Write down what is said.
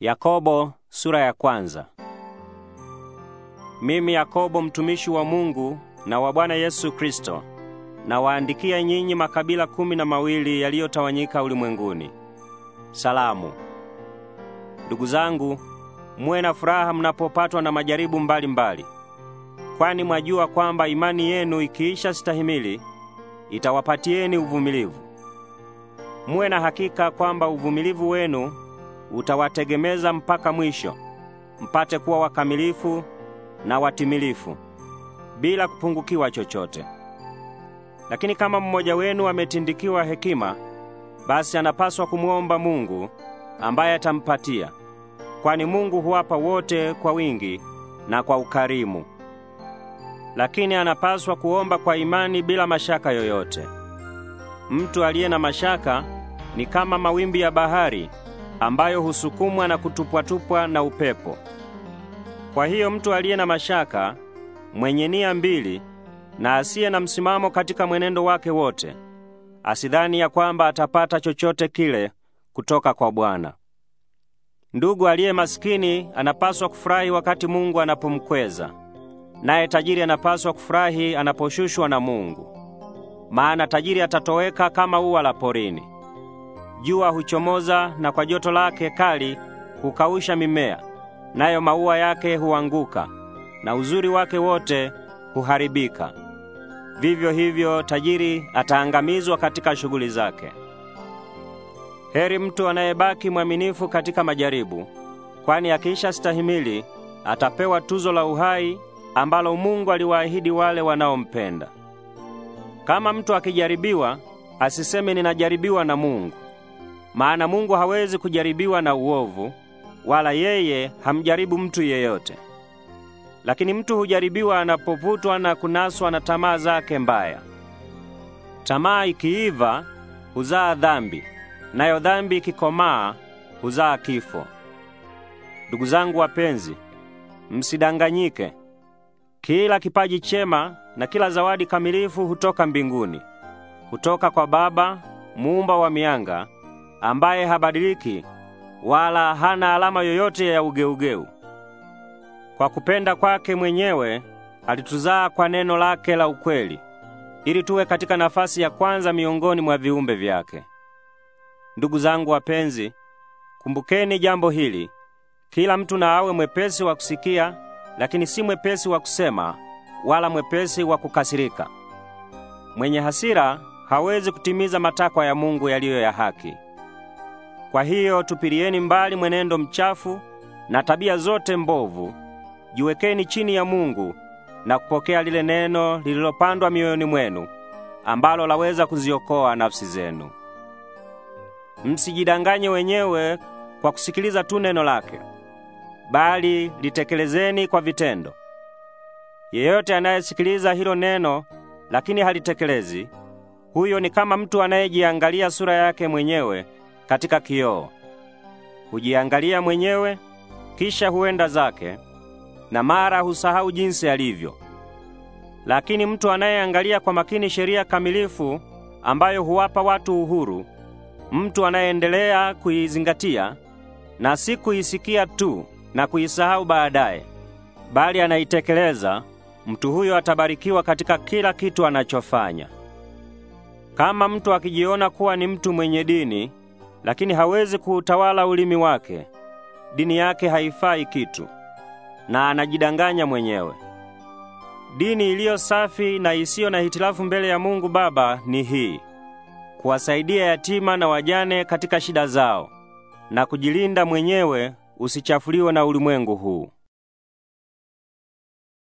Yakobo sura ya kwanza. Mimi Yakobo mtumishi wa Mungu na wa Bwana Yesu Kristo, nawaandikia nyinyi makabila kumi na mawili yaliyotawanyika ulimwenguni. Salamu. Ndugu zangu, muwe na furaha mnapopatwa na majaribu mbalimbali mbali. Kwani mwajua kwamba imani yenu ikiisha stahimili itawapatieni uvumilivu. Muwe na hakika kwamba uvumilivu wenu utawategemeza mpaka mwisho, mpate kuwa wakamilifu na watimilifu bila kupungukiwa chochote. Lakini kama mmoja wenu ametindikiwa hekima, basi anapaswa kumwomba Mungu ambaye atampatia, kwani Mungu huwapa wote kwa wingi na kwa ukarimu. Lakini anapaswa kuomba kwa imani bila mashaka yoyote. Mtu aliye na mashaka ni kama mawimbi ya bahari ambayo husukumwa na kutupwatupwa na upepo. Kwa hiyo mtu aliye na mashaka, mwenye nia mbili na asiye na msimamo katika mwenendo wake wote, asidhani ya kwamba atapata chochote kile kutoka kwa Bwana. Ndugu aliye masikini anapaswa kufurahi wakati Mungu anapomkweza, naye tajiri anapaswa kufurahi anaposhushwa na Mungu, maana tajiri atatoweka kama ua la porini jua huchomoza na kwa joto lake kali hukausha mimea, nayo maua yake huanguka na uzuri wake wote huharibika. Vivyo hivyo tajiri ataangamizwa katika shughuli zake. Heri mtu anayebaki mwaminifu katika majaribu, kwani akiisha stahimili atapewa tuzo la uhai ambalo Mungu aliwaahidi wale wanaompenda. Kama mtu akijaribiwa, asiseme ninajaribiwa na Mungu, maana Mungu hawezi kujaribiwa na uovu, wala yeye hamjaribu mtu yeyote. Lakini mtu hujaribiwa anapovutwa na kunaswa na tamaa zake mbaya. Tamaa ikiiva huzaa dhambi, nayo dhambi ikikomaa huzaa kifo. Ndugu zangu wapenzi, msidanganyike. Kila kipaji chema na kila zawadi kamilifu hutoka mbinguni, hutoka kwa Baba muumba wa mianga ambaye habadiliki wala hana alama yoyote ya ugeugeu. Kwa kupenda kwake mwenyewe alituzaa kwa neno lake la ukweli, ili tuwe katika nafasi ya kwanza miongoni mwa viumbe vyake. Ndugu zangu wapenzi, kumbukeni jambo hili: kila mtu na awe mwepesi wa kusikia, lakini si mwepesi wa kusema, wala mwepesi wa kukasirika. Mwenye hasira hawezi kutimiza matakwa ya Mungu yaliyo ya haki. Kwa hiyo tupilieni mbali mwenendo mchafu na tabia zote mbovu, jiwekeni chini ya Mungu na kupokea lile neno lililopandwa mioyoni mwenu, ambalo laweza kuziokoa nafsi zenu. Msijidanganye wenyewe kwa kusikiliza tu neno lake, bali litekelezeni kwa vitendo. Yeyote anayesikiliza hilo neno lakini halitekelezi, huyo ni kama mtu anayejiangalia sura yake mwenyewe katika kioo, hujiangalia mwenyewe, kisha huenda zake, na mara husahau jinsi alivyo. Lakini mtu anayeangalia kwa makini sheria kamilifu ambayo huwapa watu uhuru, mtu anayeendelea kuizingatia na si kuisikia tu na kuisahau baadaye, bali anaitekeleza, mtu huyo atabarikiwa katika kila kitu anachofanya. Kama mtu akijiona kuwa ni mtu mwenye dini lakini hawezi kuutawala ulimi wake. Dini yake haifai kitu na anajidanganya mwenyewe. Dini iliyo safi na isiyo na hitilafu mbele ya Mungu Baba ni hii: kuwasaidia yatima na wajane katika shida zao na kujilinda mwenyewe usichafuliwe na ulimwengu huu.